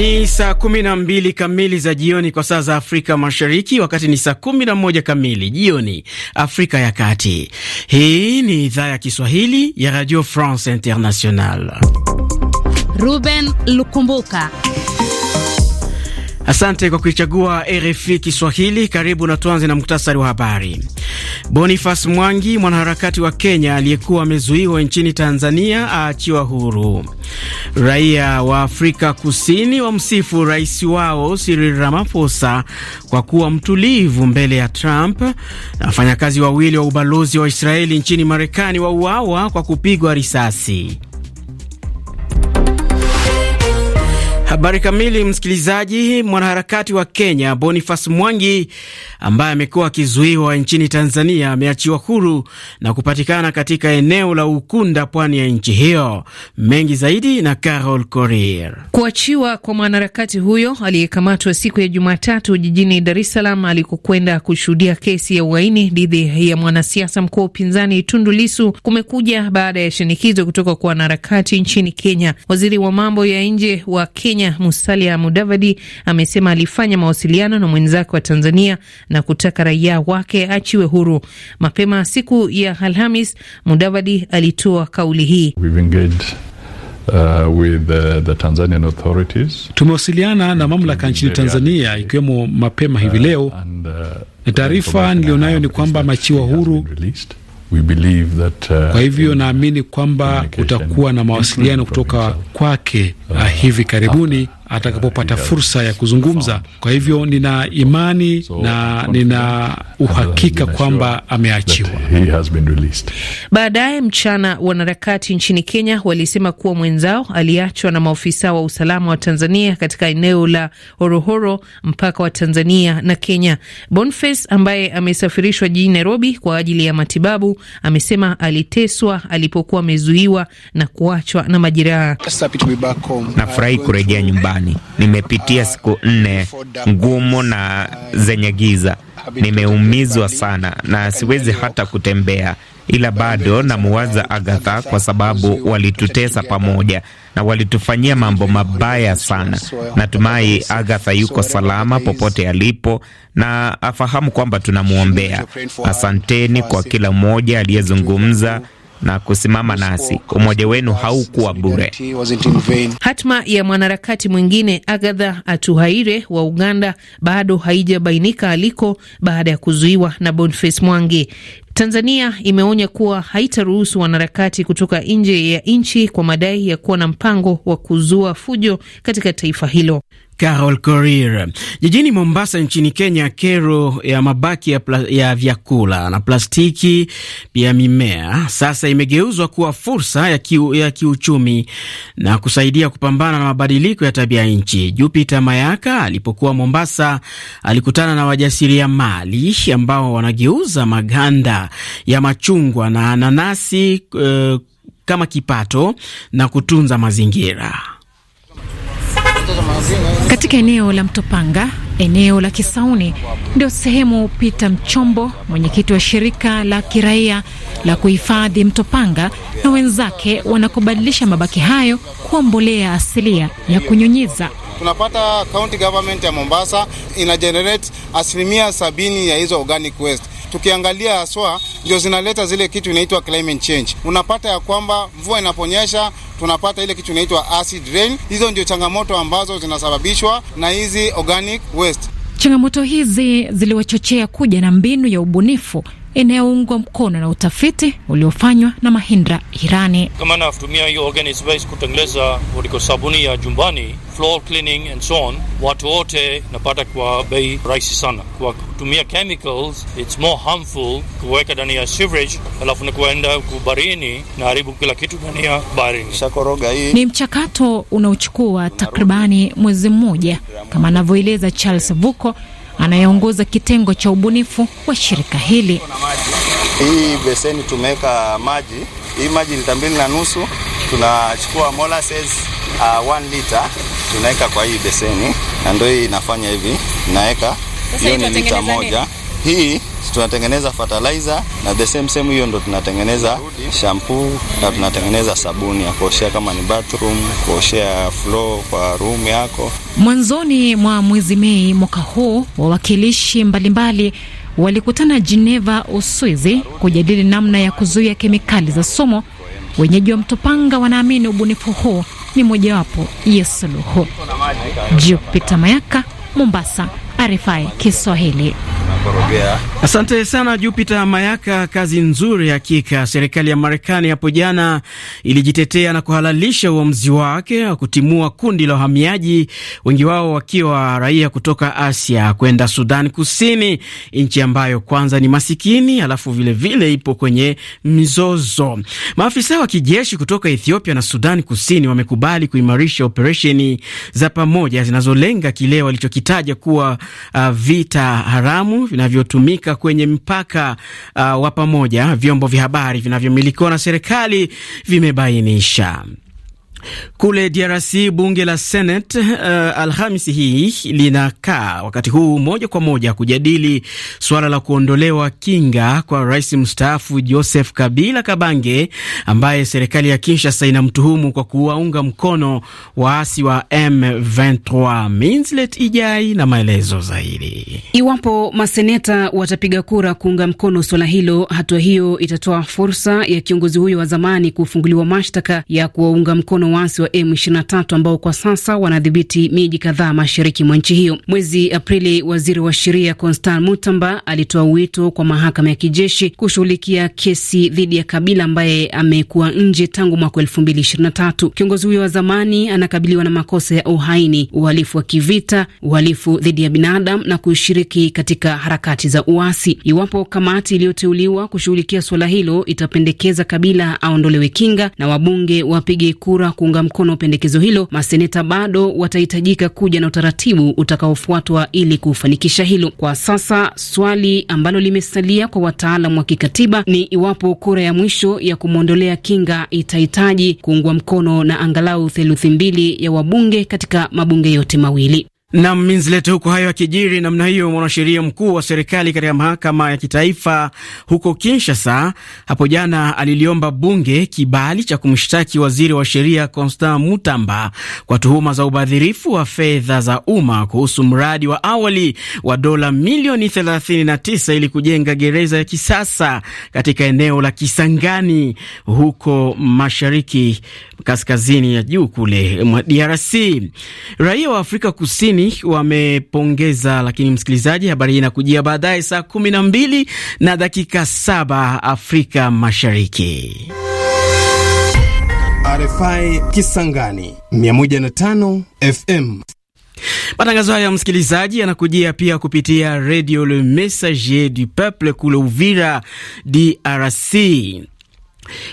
Ni saa 12 kamili za jioni kwa saa za Afrika Mashariki, wakati ni saa 11 kamili jioni Afrika ya Kati. Hii ni idhaa ya Kiswahili ya Radio France International. Ruben Lukumbuka Asante kwa kuichagua RFI Kiswahili. Karibu na tuanze na muktasari wa habari. Boniface Mwangi, mwanaharakati wa Kenya aliyekuwa amezuiwa nchini Tanzania, aachiwa huru. Raia wa Afrika Kusini wamsifu rais wao Cyril Ramaphosa kwa kuwa mtulivu mbele ya Trump. Na wafanyakazi wawili wa ubalozi wa Israeli nchini Marekani wauawa kwa kupigwa risasi. Habari kamili, msikilizaji. Mwanaharakati wa Kenya Boniface Mwangi ambaye amekuwa akizuiwa nchini Tanzania ameachiwa huru na kupatikana katika eneo la Ukunda, pwani ya nchi hiyo. Mengi zaidi na Carol corir Kuachiwa kwa mwanaharakati huyo aliyekamatwa siku ya Jumatatu jijini Dar es Salaam alikokwenda kushuhudia kesi ya uhaini dhidi ya mwanasiasa mkuu wa upinzani Tundu Lisu kumekuja baada ya shinikizo kutoka kwa wanaharakati nchini Kenya. Waziri wa mambo ya nje wa Kenya Kenya Musalia Mudavadi amesema alifanya mawasiliano na mwenzake wa Tanzania na kutaka raia wake achiwe huru. Mapema siku ya Alhamis, Mudavadi alitoa kauli hii. Uh, with, the, the Tanzanian authorities. Tumewasiliana na mamlaka nchini Tanzania ikiwemo mapema hivi uh, leo, uh, na taarifa niliyonayo ni kwamba ameachiwa huru We believe that, uh, kwa hivyo naamini kwamba kutakuwa na mawasiliano kutoka kwake uh, uh, hivi karibuni uh, atakapopata fursa ya kuzungumza. Kwa hivyo nina imani na nina uhakika kwamba ameachiwa. Baadaye mchana, wanaharakati nchini Kenya walisema kuwa mwenzao aliachwa na maofisa wa usalama wa Tanzania katika eneo la Horohoro, mpaka wa Tanzania na Kenya. Boniface ambaye amesafirishwa jijini Nairobi kwa ajili ya matibabu amesema aliteswa alipokuwa amezuiwa na kuachwa na majeraha. Nafurahi kurejea nyumbani nyumbani. Nimepitia siku nne ngumu na zenye giza. Nimeumizwa sana na siwezi hata kutembea, ila bado namuwaza Agatha kwa sababu walitutesa pamoja na walitufanyia mambo mabaya sana. Natumai Agatha yuko salama popote alipo na afahamu kwamba tunamwombea. Asanteni kwa kila mmoja aliyezungumza na kusimama nasi. Umoja wenu haukuwa bure. Hatma ya mwanaharakati mwingine Agatha Atuhaire wa Uganda bado haijabainika aliko baada ya kuzuiwa na Boniface Mwangi. Tanzania imeonya kuwa haitaruhusu wanaharakati kutoka nje ya nchi kwa madai ya kuwa na mpango wa kuzua fujo katika taifa hilo. Carol Korir. Jijini Mombasa nchini Kenya, kero ya mabaki ya, ya vyakula na plastiki pia mimea sasa imegeuzwa kuwa fursa ya, ki, ya kiuchumi na kusaidia kupambana na mabadiliko ya tabia nchi. Jupiter Mayaka alipokuwa Mombasa alikutana na wajasiriamali ambao wanageuza maganda ya machungwa na nanasi uh, eh, kama kipato na kutunza mazingira. Katika eneo la Mtopanga, eneo la Kisauni, ndio sehemu Pita Mchombo, mwenyekiti wa shirika la kiraia la kuhifadhi Mtopanga, na wenzake wanakobadilisha mabaki hayo kuwa mbolea asilia ya kunyunyiza. Tunapata county government ya Mombasa ina generate asilimia sabini ya hizo organic waste tukiangalia haswa ndio zinaleta zile kitu inaitwa climate change. Unapata ya kwamba mvua inaponyesha tunapata ile kitu inaitwa acid rain. Hizo ndio changamoto ambazo zinasababishwa na hizi organic waste. Changamoto hizi ziliwachochea kuja na mbinu ya ubunifu inayoungwa mkono na utafiti uliofanywa na Mahindra Hirani. Kama natumia hiyo organic waste kutengeleza kuliko sabuni ya jumbani, floor cleaning and so on, watu wote napata kwa bei rahisi sana. Kwa kutumia chemicals it's more harmful, kuweka ndani ya sewage alafu ni kuenda kubarini na haribu kila kitu ndani ya barini. Shakoroga hii ni mchakato unaochukua takribani mwezi mmoja, kama anavyoeleza Charles Vuko anayeongoza kitengo cha ubunifu wa shirika hili. Hii beseni tumeweka maji, hii maji lita mbili na nusu. Tunachukua molasses uh, liter tunaweka kwa hii beseni, na ndio hii inafanya hivi, inaweka hiyo ni lita moja hii tunatengeneza fertilizer na the same same hiyo ndo tunatengeneza shampoo na tunatengeneza sabuni ya kuoshea kama ni bathroom, kuoshea floor kwa room yako. Mwanzoni mwa mwezi Mei mwaka huu wawakilishi mbalimbali walikutana Geneva, Uswizi kujadili namna ya kuzuia kemikali za sumu. Wenyeji wa Mtopanga wanaamini ubunifu huu ni mojawapo ya suluhu. Jupita Mayaka, Mombasa, RFI Kiswahili. Korogea. Asante sana Jupiter Mayaka, kazi nzuri hakika. Serikali ya Marekani hapo jana ilijitetea na kuhalalisha uamuzi wake wa kutimua kundi la wahamiaji, wengi wao wakiwa raia kutoka Asia kwenda Sudan Kusini, nchi ambayo kwanza ni masikini alafu vilevile vile ipo kwenye mizozo. Maafisa wa kijeshi kutoka Ethiopia na Sudan Kusini wamekubali kuimarisha operesheni za pamoja zinazolenga kile walichokitaja kuwa uh, vita haramu vinavyotumika kwenye mpaka uh, wa pamoja, vyombo vya habari vinavyomilikiwa na serikali vimebainisha. Kule DRC bunge la Senate uh, Alhamisi hii linakaa wakati huu moja kwa moja kujadili suala la kuondolewa kinga kwa rais mstaafu Joseph Kabila Kabange ambaye serikali ya Kinshasa inamtuhumu kwa kuwaunga mkono waasi wa M23. Minslet Ijai na maelezo zaidi. Iwapo maseneta watapiga kura kuunga mkono suala hilo, hatua hiyo itatoa fursa ya kiongozi huyo wa zamani kufunguliwa mashtaka ya kuwaunga mkono waasi wa M23 ambao kwa sasa wanadhibiti miji kadhaa mashariki mwa nchi hiyo. Mwezi Aprili, waziri wa sheria Constan Mutamba alitoa wito kwa mahakama ya kijeshi kushughulikia kesi dhidi ya Kabila ambaye amekuwa nje tangu mwaka 2023. Kiongozi huyo wa zamani anakabiliwa na makosa ya uhaini, uhalifu wa kivita, uhalifu dhidi ya binadamu na kushiriki katika harakati za uasi. Iwapo kamati iliyoteuliwa kushughulikia suala hilo itapendekeza Kabila aondolewe kinga na wabunge wapige kura kuunga mkono pendekezo hilo, maseneta bado watahitajika kuja na utaratibu utakaofuatwa ili kufanikisha hilo. Kwa sasa swali ambalo limesalia kwa wataalam wa kikatiba ni iwapo kura ya mwisho ya kumwondolea kinga itahitaji kuungwa mkono na angalau theluthi mbili ya wabunge katika mabunge yote mawili na mminzilete huko hayo akijiri namna hiyo. Mwanasheria mkuu wa serikali katika mahakama ya kitaifa huko Kinshasa hapo jana aliliomba bunge kibali cha kumshtaki waziri wa sheria Constant Mutamba kwa tuhuma za ubadhirifu wa fedha za umma kuhusu mradi wa awali wa dola milioni 39 ili kujenga gereza ya kisasa katika eneo la Kisangani huko mashariki kaskazini ya juu kule mwa DRC. Raia wa Afrika Kusini wamepongeza, lakini msikilizaji, habari hii inakujia baadaye saa kumi na mbili na dakika saba Afrika Mashariki. RFI Kisangani 105 FM. Matangazo haya msikilizaji yanakujia pia kupitia Radio Le Messager du Peuple kule Uvira, DRC.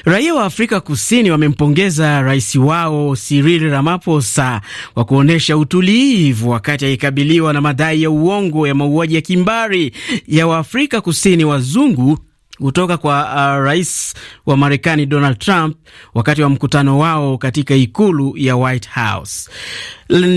Raia wa Afrika Kusini wamempongeza rais wao Cyril Ramaphosa kwa kuonyesha utulivu wakati akikabiliwa na madai ya uongo ya mauaji ya kimbari ya Waafrika Kusini wazungu kutoka kwa uh, rais wa Marekani Donald Trump wakati wa mkutano wao katika ikulu ya White House.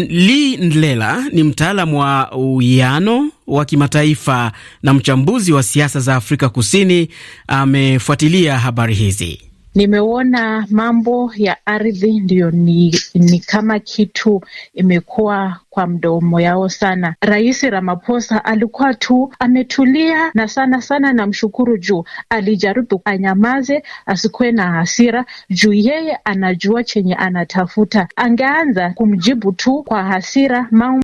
Li Ndlela ni mtaalamu wa uwiano wa kimataifa na mchambuzi wa siasa za Afrika Kusini. Amefuatilia habari hizi. Nimeona mambo ya ardhi ndiyo ni, ni kama kitu imekuwa kwa mdomo yao sana. Rais Ramaphosa alikuwa tu ametulia na sana sana, namshukuru juu alijaribu anyamaze, asikuwe na hasira juu yeye anajua chenye anatafuta. Angeanza kumjibu tu kwa hasira mau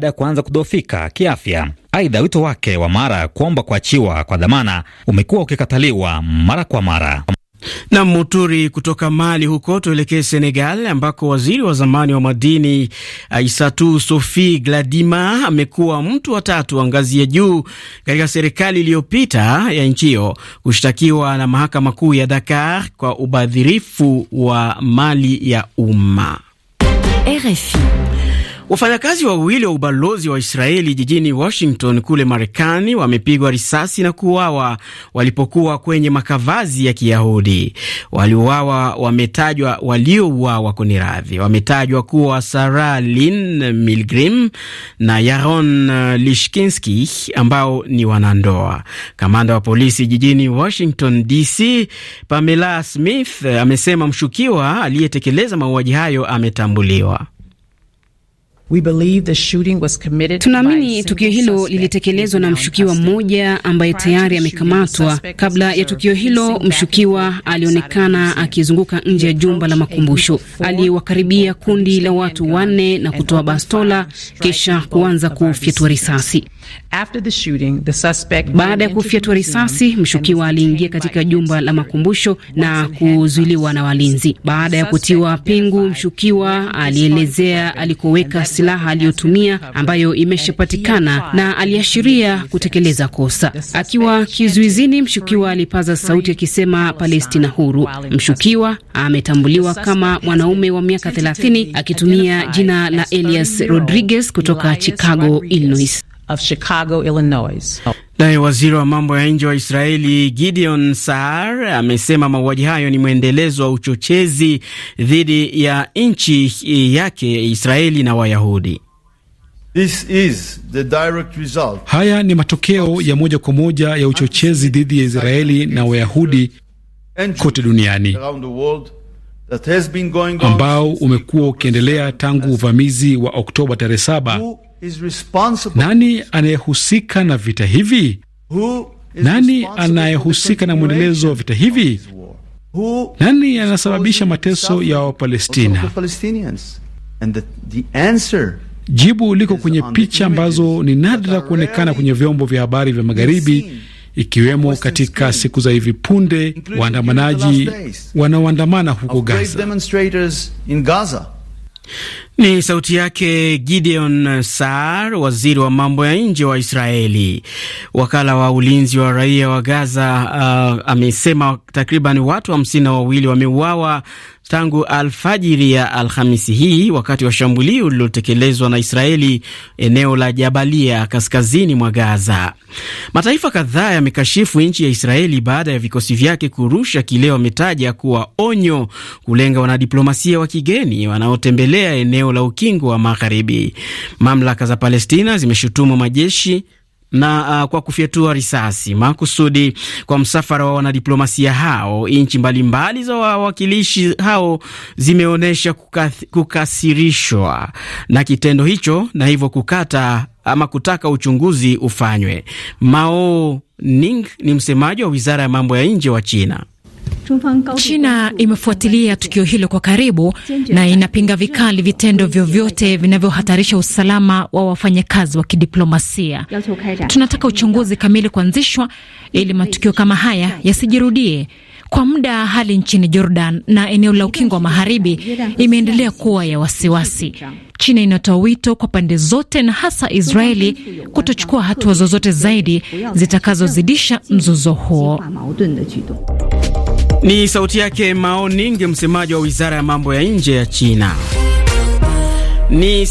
baada ya kuanza kudhoofika kiafya. Aidha, wito wake wa mara kuomba kuachiwa kwa dhamana umekuwa ukikataliwa mara kwa mara. Na Muturi kutoka Mali huko tuelekee Senegal, ambako waziri wa zamani wa madini Aissatou eh, Sophie Gladima amekuwa mtu wa tatu wa ngazi ya juu katika serikali iliyopita ya nchi hiyo kushtakiwa na mahakama kuu ya Dakar kwa ubadhirifu wa mali ya umma. RFI Wafanyakazi wawili wa ubalozi wa Israeli jijini Washington kule Marekani wamepigwa risasi na kuuawa walipokuwa kwenye makavazi ya Kiyahudi. Waliuawa wametajwa, waliouawa kwenye radhi wametajwa kuwa Sara Lin Milgrim na Yaron Lishkinski ambao ni wanandoa. Kamanda wa polisi jijini Washington DC Pamela Smith amesema mshukiwa aliyetekeleza mauaji hayo ametambuliwa. Tunaamini tukio hilo lilitekelezwa na mshukiwa mmoja ambaye tayari amekamatwa. Kabla ya tukio hilo, mshukiwa alionekana akizunguka nje ya jumba la makumbusho. Aliwakaribia kundi la watu wanne na kutoa bastola kisha kuanza kufyatua risasi. Baada ya kufyatua risasi, mshukiwa aliingia katika jumba la makumbusho na kuzuiliwa na walinzi. Baada ya kutiwa pingu, mshukiwa alielezea alikoweka silaha aliyotumia ambayo imeshapatikana na aliashiria kutekeleza kosa. Akiwa kizuizini, mshukiwa alipaza sauti akisema Palestina huru. Mshukiwa ametambuliwa kama mwanaume wa miaka 30 akitumia jina la Elias Rodriguez kutoka Chicago, Illinois. Naye waziri wa mambo ya nje wa Israeli Gideon Saar amesema mauaji hayo ni mwendelezo wa uchochezi dhidi ya nchi yake Israeli na Wayahudi. This is the direct result. Haya ni matokeo ya moja kwa moja ya uchochezi dhidi ya Israeli na Wayahudi kote duniani ambao umekuwa ukiendelea tangu uvamizi wa Oktoba tarehe saba is responsible. Nani anayehusika na vita hivi? Nani anayehusika na mwendelezo wa vita hivi? Nani anasababisha mateso ya Wapalestina? Jibu liko kwenye picha ambazo ni nadra kuonekana kwenye vyombo vya habari vya Magharibi, ikiwemo katika siku za hivi punde waandamanaji wanaoandamana huko Gaza. Ni sauti yake Gideon Saar, waziri wa mambo ya nje wa Israeli. Wakala wa ulinzi wa raia wa Gaza uh, amesema takriban watu hamsini na wawili wameuawa tangu alfajiri ya Alhamisi hii wakati wa shambulio lililotekelezwa na Israeli eneo la Jabalia kaskazini mwa Gaza. Mataifa kadhaa yamekashifu nchi ya Israeli baada ya vikosi vyake kurusha kile wametaja kuwa onyo kulenga wanadiplomasia wa kigeni wanaotembelea eneo la ukingo wa Magharibi. Mamlaka za Palestina zimeshutumu majeshi na uh, kwa kufyatua risasi makusudi kwa msafara wa wanadiplomasia hao. Nchi mbalimbali za wawakilishi hao zimeonyesha kukasirishwa na kitendo hicho na hivyo kukata ama kutaka uchunguzi ufanywe. Mao Ning ni msemaji wa wizara ya mambo ya nje wa China. China imefuatilia tukio hilo kwa karibu na inapinga vikali vitendo vyovyote vinavyohatarisha usalama wa wafanyakazi wa kidiplomasia. Tunataka uchunguzi kamili kuanzishwa ili matukio kama haya yasijirudie. Kwa muda hali nchini Jordan na eneo la ukingo wa magharibi imeendelea kuwa ya wasiwasi. China inatoa wito kwa pande zote na hasa Israeli kutochukua hatua zozote zaidi zitakazozidisha mzozo huo. Ni sauti yake Mao Ning, msemaji wa wizara ya mambo ya nje ya China. Ni